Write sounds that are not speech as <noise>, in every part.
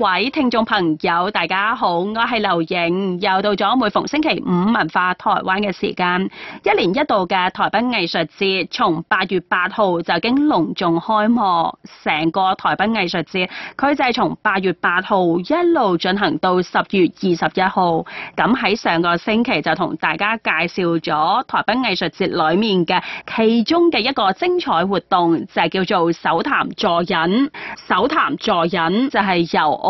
各位聽眾朋友，大家好，我係劉影，又到咗每逢星期五文化台灣嘅時間，一年一度嘅台北藝術節從八月八號就已經隆重開幕，成個台北藝術節佢就係從八月八號一路進行到十月二十一號，咁喺上個星期就同大家介紹咗台北藝術節裏面嘅其中嘅一個精彩活動就係、是、叫做手談助引。手談助引就係由我。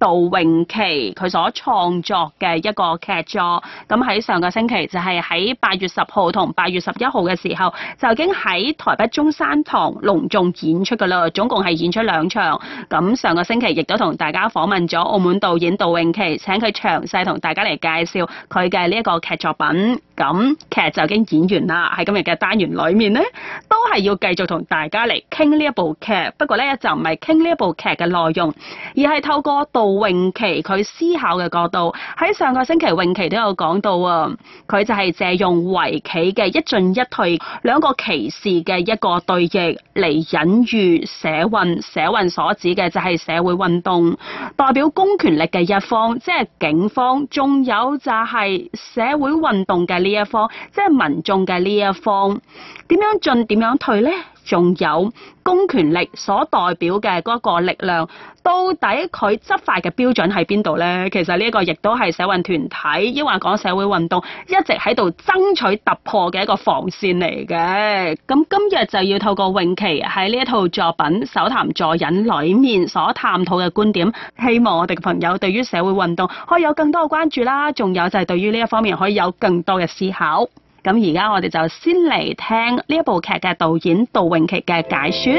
杜永琪佢所創作嘅一個劇作，咁喺上個星期就係喺八月十號同八月十一號嘅時候，就已經喺台北中山堂隆重演出噶啦，總共係演出兩場，咁上個星期亦都同大家訪問咗澳門導演杜永琪，請佢詳細同大家嚟介紹佢嘅呢一個劇作品。咁劇就已經演完啦，喺今日嘅單元裏面咧，都係要繼續同大家嚟傾呢一部劇，不過咧就唔係傾呢一部劇嘅內容，而係透過杜詠琪佢思考嘅角度，喺上個星期詠琪都有講到啊，佢就係借用圍棋嘅一進一退兩個棋士嘅一個對弈嚟隱喻社運，社運所指嘅就係社會運動，代表公權力嘅一方，即係警方，仲有就係社會運動嘅呢一方，即係民眾嘅呢一方，點樣進點樣退咧？仲有公權力所代表嘅嗰個力量，到底佢執法嘅標準喺邊度咧？其實呢一個亦都係社運團體抑或講社會運動一直喺度爭取突破嘅一個防線嚟嘅。咁今日就要透過泳琪喺呢一套作品《手談助引》裏面所探討嘅觀點，希望我哋嘅朋友對於社會運動可以有更多嘅關注啦，仲有就係對於呢一方面可以有更多嘅思考。咁而家我哋就先嚟聽呢一部劇嘅導演杜汶琪嘅解說。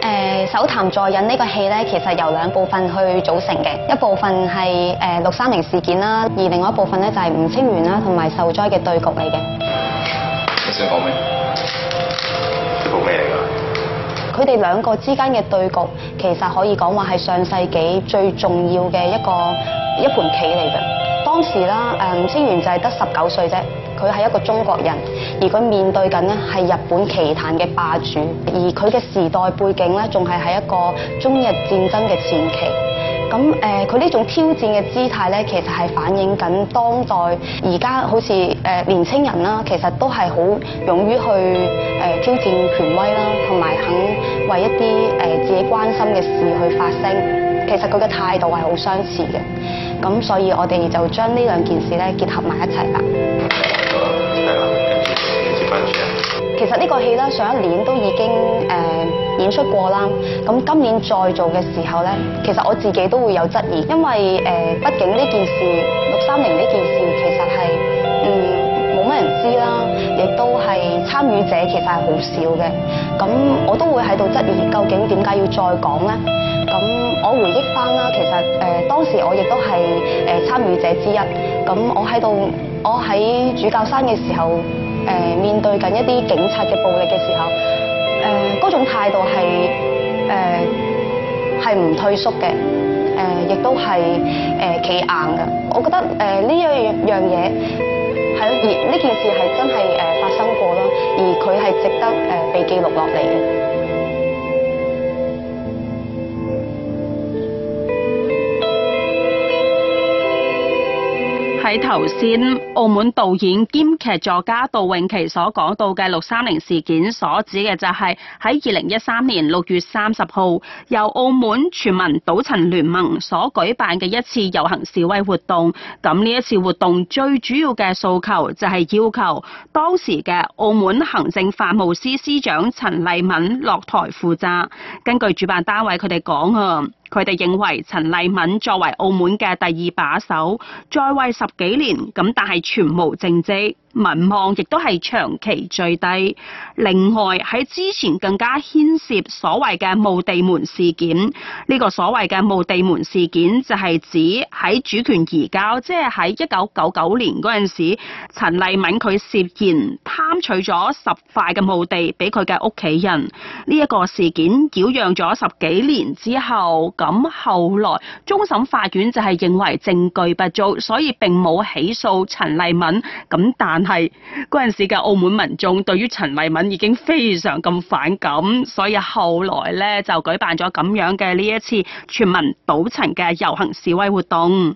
誒，《手談坐隱》呢個戲咧，其實由兩部分去組成嘅，一部分係誒、呃、六三零事件啦，而另外一部分咧就係、是、吳清源啦，同埋秀哉嘅對局嚟嘅。你想講咩？一部咩嚟噶？佢哋兩個之間嘅對局，其實可以講話係上世紀最重要嘅一個。一盤棋嚟嘅，當時啦，誒、嗯，吳清源就係得十九歲啫，佢係一個中國人，而佢面對緊咧係日本棋壇嘅霸主，而佢嘅時代背景咧仲係喺一個中日戰爭嘅前期，咁誒，佢、呃、呢種挑戰嘅姿態咧，其實係反映緊當代而家好似誒年青人啦，其實都係好勇於去誒、呃、挑戰權威啦，同埋肯為一啲誒、呃、自己關心嘅事去發聲。其實佢嘅態度係好相似嘅，咁所以我哋就將呢兩件事咧結合埋一齊啦。其實呢個戲咧上一年都已經誒、呃、演出過啦，咁今年再做嘅時候咧，其實我自己都會有質疑，因為誒、呃、畢竟呢件事六三年呢件事其實係嗯冇乜人知啦，亦都係參與者其實係好少嘅，咁我都會喺度質疑究竟點解要再講咧？咁我回憶翻啦，其實誒、呃、當時我亦都係誒、呃、參與者之一。咁我喺度，我喺主教山嘅時候，誒、呃、面對緊一啲警察嘅暴力嘅時候，誒、呃、嗰種態度係誒係唔退縮嘅，誒亦都係誒企硬㗎。我覺得誒呢一樣嘢係咯，而呢件事係真係誒發生過咯，而佢係值得誒被記錄落嚟嘅。喺頭先，澳門導演兼劇作家杜永琪所講到嘅六三零事件，所指嘅就係喺二零一三年六月三十號，由澳門全民倒陳聯盟所舉辦嘅一次遊行示威活動。咁呢一次活動最主要嘅訴求就係要求當時嘅澳門行政法務司司長陳麗敏落台負責。根據主辦單位佢哋講啊。佢哋認為陳麗敏作為澳門嘅第二把手，在位十幾年咁，但係全無政績，民望亦都係長期最低。另外喺之前更加牽涉所謂嘅墓地門事件。呢個所謂嘅墓地門事件就係指喺主權移交，即係喺一九九九年嗰陣時，陳麗敏佢涉嫌貪取咗十塊嘅墓地俾佢嘅屋企人。呢一個事件擾攘咗十幾年之後。咁後來，終審法院就係認為證據不足，所以並冇起訴陳麗敏。咁但係嗰陣時嘅澳門民眾對於陳麗敏已經非常咁反感，所以後來咧就舉辦咗咁樣嘅呢一次全民倒陳嘅遊行示威活動。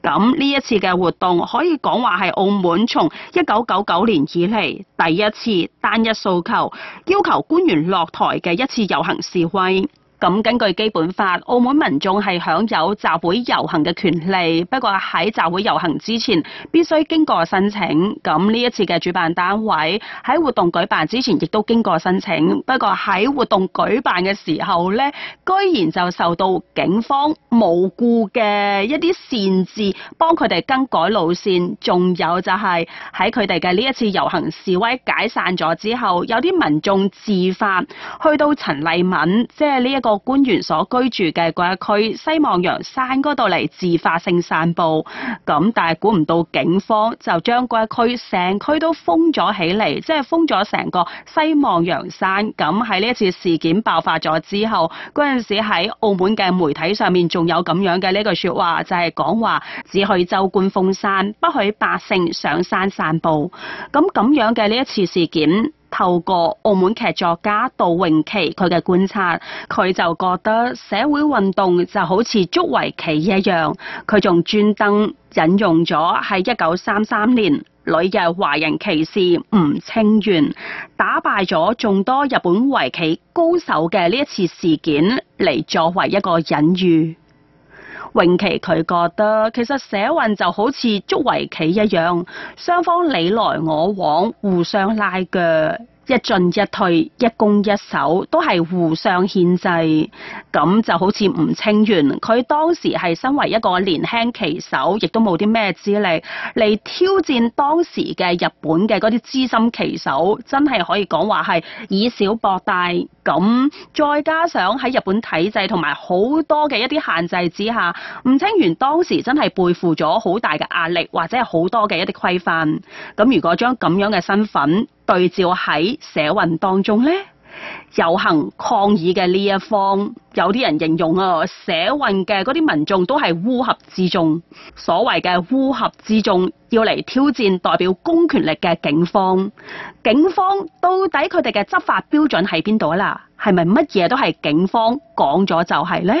咁呢一次嘅活動可以講話係澳門從一九九九年以嚟第一次單一訴求，要求官員落台嘅一次遊行示威。咁根據基本法，澳門民眾係享有集會遊行嘅權利。不過喺集會遊行之前，必須經過申請。咁呢一次嘅主辦單位喺活動舉辦之前，亦都經過申請。不過喺活動舉辦嘅時候咧，居然就受到警方無故嘅一啲限制，幫佢哋更改路線。仲有就係喺佢哋嘅呢一次遊行示威解散咗之後，有啲民眾自發去到陳麗敏，即係呢一個。各官員所居住嘅嗰一區西望洋山嗰度嚟自發性散步，咁但係估唔到警方就將嗰一區成區都封咗起嚟，即係封咗成個西望洋山。咁喺呢一次事件爆發咗之後，嗰陣時喺澳門嘅媒體上面仲有咁樣嘅呢句説話，就係講話只許州官封山，不許百姓上山散步。咁咁樣嘅呢一次事件。透過澳門劇作家杜詠琪佢嘅觀察，佢就覺得社會運動就好似捉圍棋一樣。佢仲專登引用咗喺一九三三年旅日華人棋士吳清源打敗咗眾多日本圍棋高手嘅呢一次事件嚟作為一個隱喻。永琪佢覺得，其實社運就好似捉圍棋一樣，雙方你來我往，互相拉鋸。一進一退，一攻一守，都係互相牽制。咁就好似吳清源，佢當時係身為一個年輕棋手，亦都冇啲咩資歷嚟挑戰當時嘅日本嘅嗰啲資深棋手，真係可以講話係以小博大。咁再加上喺日本體制同埋好多嘅一啲限制之下，吳清源當時真係背負咗好大嘅壓力，或者係好多嘅一啲規範。咁如果將咁樣嘅身份，對照喺社運當中呢，遊行抗議嘅呢一方，有啲人形容啊，社運嘅嗰啲民眾都係烏合之眾。所謂嘅烏合之眾，要嚟挑戰代表公權力嘅警方，警方到底佢哋嘅執法標準喺邊度啦？係咪乜嘢都係警方講咗就係呢？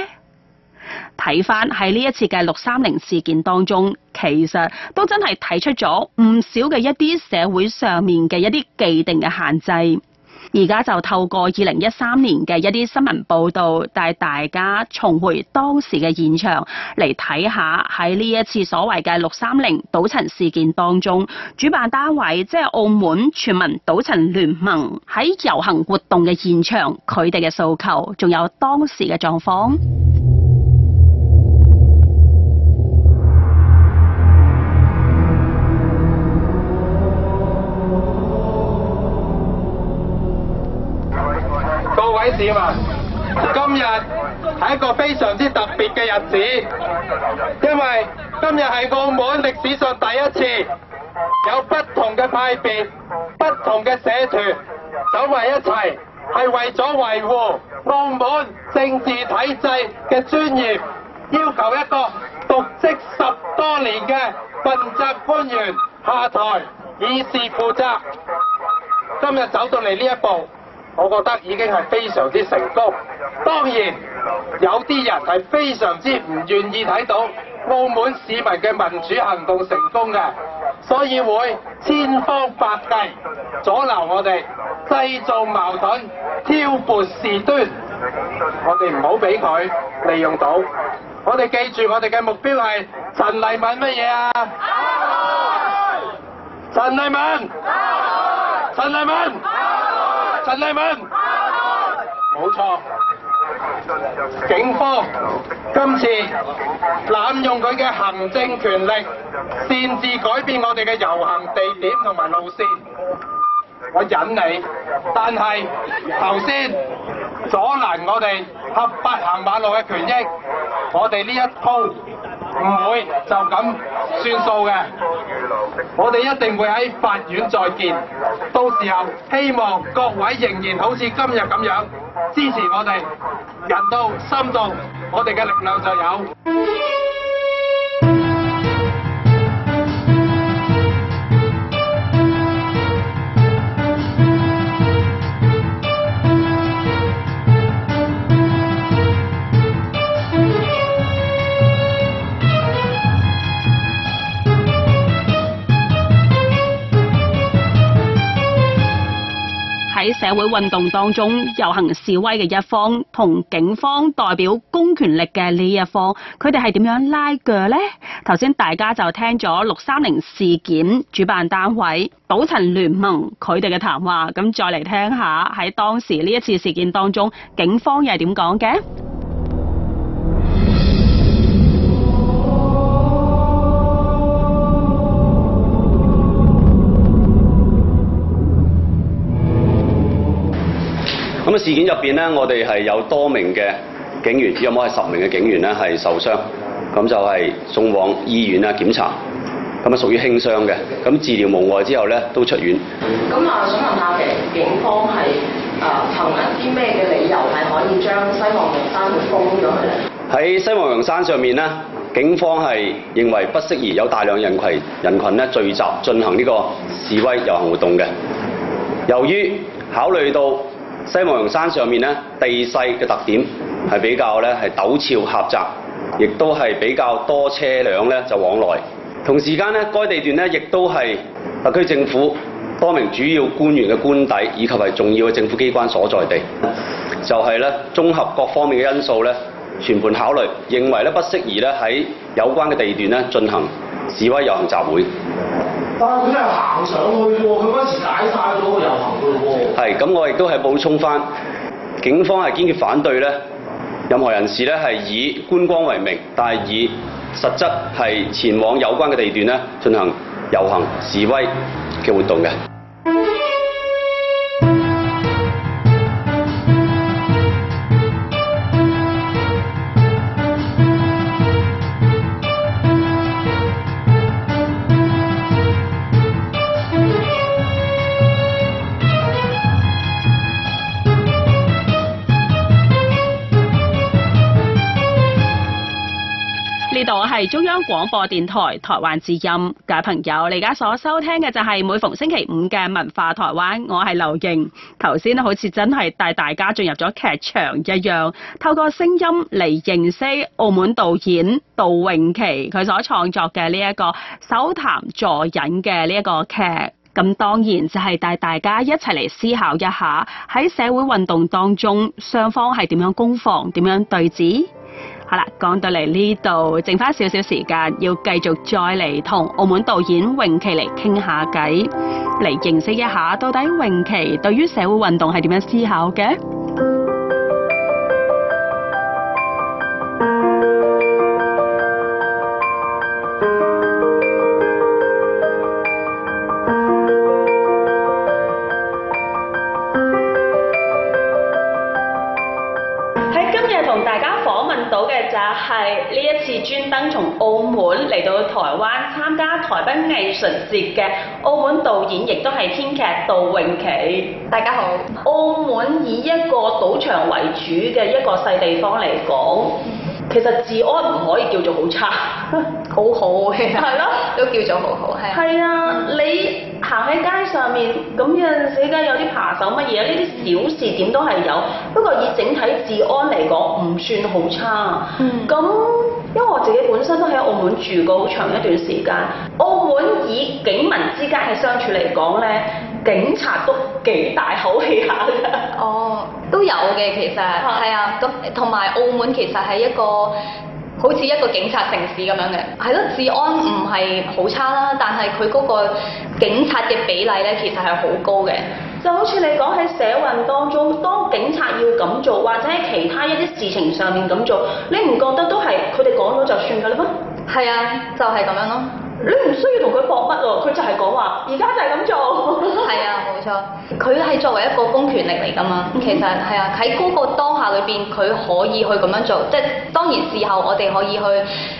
睇翻喺呢一次嘅六三零事件當中，其實都真係提出咗唔少嘅一啲社會上面嘅一啲既定嘅限制。而家就透過二零一三年嘅一啲新聞報導，帶大家重回當時嘅現場嚟睇下喺呢一次所謂嘅六三零倒陳事件當中，主辦單位即係、就是、澳門全民倒陳聯盟喺遊行活動嘅現場，佢哋嘅訴求，仲有當時嘅狀況。今日係一個非常之特別嘅日子，因為今日係澳門歷史上第一次有不同嘅派別，不同嘅社團走埋一齊，係為咗維護澳門政治體制嘅尊嚴，要求一個瀆職十多年嘅憤責官員下台以示負責，今日走到嚟呢一步。我覺得已經係非常之成功。當然有啲人係非常之唔願意睇到澳門市民嘅民主行動成功嘅，所以會千方百計阻撓我哋，製造矛盾，挑撥事端。我哋唔好俾佢利用到。我哋記住我哋嘅目標係陳麗敏乜嘢啊？陳麗敏。陳麗敏。陳麗敏，冇錯，警方今次濫用佢嘅行政權力，擅自改變我哋嘅遊行地點同埋路線。我忍你，但係頭先阻攔我哋合法行馬路嘅權益，我哋呢一鋪唔會就咁算數嘅。我哋一定會喺法院再見。到時候希望各位仍然好似今日咁樣支持我哋，人到心到，我哋嘅力量就有。喺社會運動當中遊行示威嘅一方，同警方代表公權力嘅呢一方，佢哋係點樣拉鋸呢？頭先大家就聽咗六三零事件主辦單位保陳聯盟佢哋嘅談話，咁再嚟聽下喺當時呢一次事件當中，警方又係點講嘅？咁事件入邊呢，我哋係有多名嘅警員，有冇係十名嘅警員呢，係受傷，咁就係送往醫院咧檢查，咁啊屬於輕傷嘅，咁治療無礙之後呢，都出院。咁啊，想問下其實警方係誒憑一啲咩嘅理由係可以將西望洋山會封咗佢咧？喺西望洋山上面呢，警方係認為不適宜有大量人群人群呢聚集進行呢個示威遊行活動嘅，由於考慮到。西望洋山上面呢，地勢嘅特點係比較咧係陡峭狹窄，亦都係比較多車輛咧就往來。同時間呢，該地段呢亦都係特區政府多名主要官員嘅官邸，以及係重要嘅政府機關所在地。就係咧綜合各方面嘅因素咧，全盤考慮，認為咧不適宜咧喺有關嘅地段咧進行示威遊行集會。但係佢係行上去喎，佢嗰陣時解散咗，又行嘅喎。係，咁我亦都係補充翻，警方係堅決反對咧，任何人士咧係以觀光為名，但係以實質係前往有關嘅地段咧進行遊行示威嘅活動嘅。係中央廣播電台台灣之音。各位朋友，你而家所收聽嘅就係每逢星期五嘅文化台灣，我係劉盈。頭先好似真係帶大家進入咗劇場一樣，透過聲音嚟認識澳門導演杜永琪佢所創作嘅呢一個手談助引嘅呢一個劇。咁當然就係帶大家一齊嚟思考一下喺社會運動當中雙方係點樣攻防、點樣對峙。好啦，講到嚟呢度，剩翻少少時間，要繼續再嚟同澳門導演榮琪嚟傾下偈，嚟認識一下到底榮琪對於社會運動係點樣思考嘅？專登從澳門嚟到台灣參加台北藝術節嘅澳門導演，亦都係編劇杜永琪。大家好，澳門以一個賭場為主嘅一個細地方嚟講，嗯、其實治安唔可以叫做好差， <laughs> 好好嘅係咯，啊、都叫做好好係啊。嗯、你行喺街上面咁，有陣時有啲扒手乜嘢呢啲小事點都係有，不過以整體治安嚟講唔算好差。嗯，咁。因為我自己本身都喺澳門住過好長一段時間，澳門以警民之間嘅相處嚟講咧，警察都幾大口氣下嘅。哦，都有嘅其實，係啊，咁同埋澳門其實係一個好似一個警察城市咁樣嘅，係咯，治安唔係好差啦，但係佢嗰個警察嘅比例咧，其實係好高嘅。就好似你講喺社運當中，當警察要咁做，或者喺其他一啲事情上面咁做，你唔覺得都係佢哋講咗就算噶啦？係啊，就係咁樣咯。你唔需要同佢搏乜咯，佢就係講話，而家就係咁做。係 <laughs> 啊，冇錯，佢係作為一個公權力嚟噶嘛。嗯、其實係啊，喺嗰個當下裏邊，佢可以去咁樣做。即係當然，事後我哋可以去誒、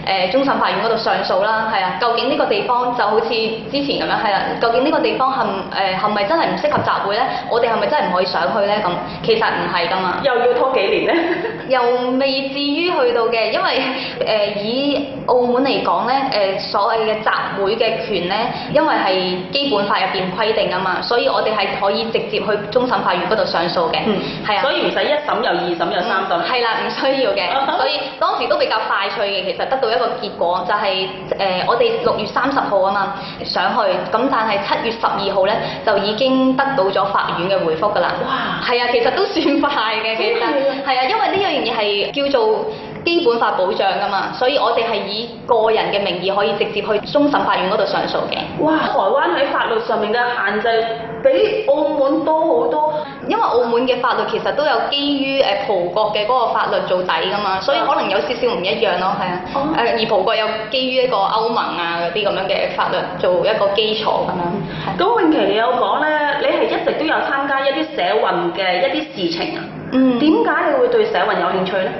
呃、終審法院嗰度上訴啦。係啊，究竟呢個地方就好似之前咁樣，係啊，究竟呢個地方係唔誒咪真係唔適合集會咧？我哋係咪真係唔可以上去咧？咁其實唔係噶嘛。又要拖幾年咧？又未至於去到嘅，因為誒、呃、以澳門嚟講呢誒所謂嘅集會嘅權呢，因為係基本法入邊規定啊嘛，所以我哋係可以直接去終審法院嗰度上訴嘅。嗯。係啊。所以唔使一審又二審又三審。係啦、嗯，唔、啊、需要嘅。 <laughs> 所以當時都比較快脆嘅，其實得到一個結果，就係、是、誒、呃、我哋六月三十號啊嘛上去，咁但係七月十二號呢，就已經得到咗法院嘅回覆㗎啦。哇！係啊，其實都算快嘅，其實係、嗯、啊，因為呢樣。而係叫做基本法保障噶嘛，所以我哋係以個人嘅名義可以直接去終審法院嗰度上訴嘅。哇！台灣喺法律上面嘅限制比澳門多好多。因為澳門嘅法律其實都有基於誒葡國嘅嗰個法律做底噶嘛，所以可能有少少唔一樣咯，係啊。誒而葡國又基於一個歐盟啊嗰啲咁樣嘅法律做一個基礎咁樣。咁泳琪你有講咧，你係一直都有參加一啲社運嘅一啲事情啊？嗯，點解你會對社運有興趣咧？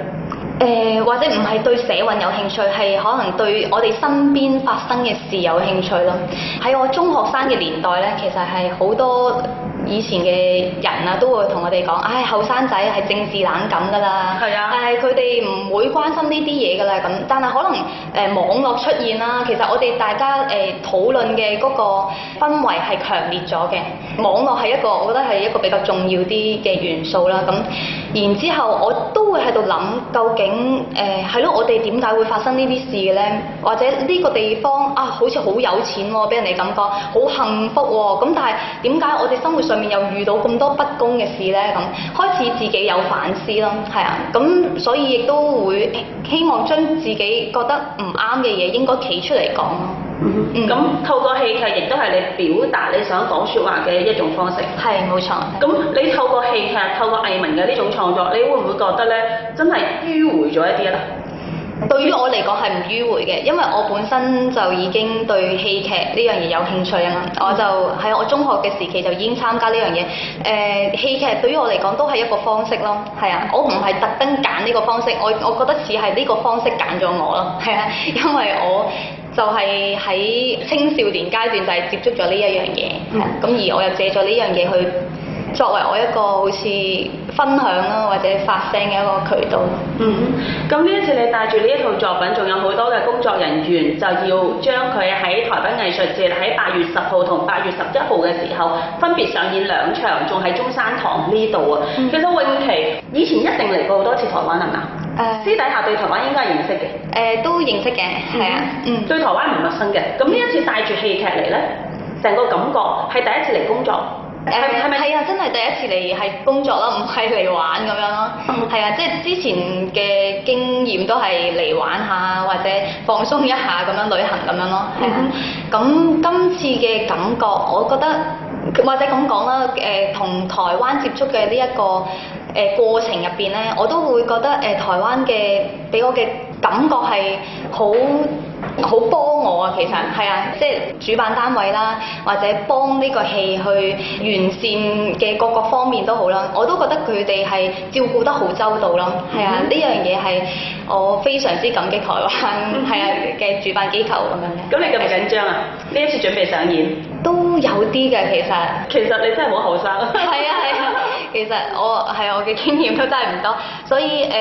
誒、呃，或者唔係對社運有興趣，係可能對我哋身邊發生嘅事有興趣咯。喺我中學生嘅年代咧，其實係好多。以前嘅人啊，都會同我哋講，唉、哎，後生仔係政治冷感㗎啦，係啊，但係佢哋唔會關心呢啲嘢㗎啦咁。但係可能誒、呃、網絡出現啦，其實我哋大家誒討論嘅嗰個氛圍係強烈咗嘅，網絡係一個，我覺得係一個比較重要啲嘅元素啦咁。嗯。然之後，我都會喺度諗，究竟誒係咯，我哋點解會發生這些事呢啲事嘅咧？或者呢個地方啊，好似好有錢喎，俾人哋感覺好幸福喎。咁但係點解我哋生活上面又遇到咁多不公嘅事咧？咁、嗯、開始自己有反思咯，係啊。咁、嗯、所以亦都會希望將自己覺得唔啱嘅嘢應該企出嚟講咯。咁、mm hmm。透過戲劇亦都係你表達你想講說話嘅一種方式。係，冇錯。咁你透過戲劇、透過藝名嘅呢種創作，你會唔會覺得咧，真係迂迴咗一啲啊？對於我嚟講係唔迂迴嘅，因為我本身就已經對戲劇呢樣嘢有興趣啊嘛。我就喺我中學嘅時期就已經參加呢樣嘢。誒、呃，戲劇對於我嚟講都係一個方式咯。係啊，我唔係特登揀呢個方式，我我覺得似係呢個方式揀咗我咯。係啊，因為我。就係喺青少年階段就係接觸咗呢一樣嘢，咁、嗯、而我又借咗呢樣嘢去作為我一個好似分享啊或者發聲嘅一個渠道。嗯，咁呢一次你帶住呢一套作品，仲有好多嘅工作人員就要將佢喺台北藝術節喺八月十號同八月十一號嘅時候分別上演兩場，仲喺中山堂呢度啊。嗯、其實永琪、嗯、以前一定嚟過好多次台灣，係咪？私底下對台灣應該係認識嘅。誒、呃，都認識嘅，係、嗯、啊。嗯。對台灣唔陌生嘅。咁呢一次帶住戲劇嚟咧，成、嗯、個感覺係第一次嚟工作。誒、呃，係咪？係啊，真係第一次嚟係工作咯，唔係嚟玩咁樣咯。係、嗯、啊，即係之前嘅經驗都係嚟玩下或者放鬆一下咁樣旅行咁樣咯。咁、嗯啊、今次嘅感覺，我覺得或者咁講啦，誒、呃，同台灣接觸嘅呢一個。誒過程入邊咧，我都會覺得誒台灣嘅俾我嘅感覺係好好幫我啊！其實係啊，即係主辦單位啦，或者幫呢個戲去完善嘅各個方面都好啦，我都覺得佢哋係照顧得好周到咯。係啊，呢樣嘢係我非常之感激台灣係啊嘅主辦機構咁、mm hmm. 樣嘅。咁你咁緊張啊？呢一次準備上演都有啲嘅其實。其實你真係好後生。係啊係啊。 <laughs> 其實我係我嘅經驗都真係唔多，所以誒誒、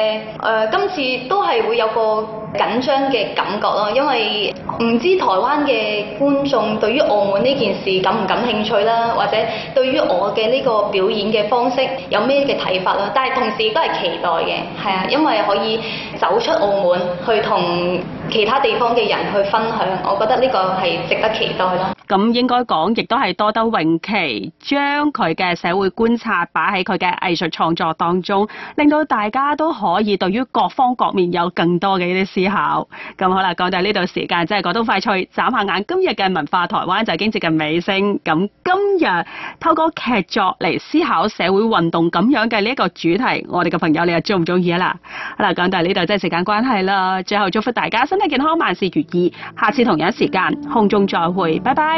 呃呃、今次都係會有個緊張嘅感覺咯，因為唔知台灣嘅觀眾對於澳門呢件事感唔感興趣啦，或者對於我嘅呢個表演嘅方式有咩嘅睇法啦，但係同時都係期待嘅，係啊，因為可以走出澳門去同其他地方嘅人去分享，我覺得呢個係值得期待咯。咁應該講，亦都係多得榮琪將佢嘅社會觀察擺喺佢嘅藝術創作當中，令到大家都可以對於各方各面有更多嘅呢啲思考。咁好啦，講到呢度時間真係過得快脆，眨下眼，今日嘅文化台灣就已經接近尾聲。咁今日透過劇作嚟思考社會運動咁樣嘅呢一個主題，我哋嘅朋友你又中唔中意啊？好、嗯、啦，講到呢度真係時間關係啦，最後祝福大家身體健康，萬事如意。下次同樣時間空中再會，拜拜。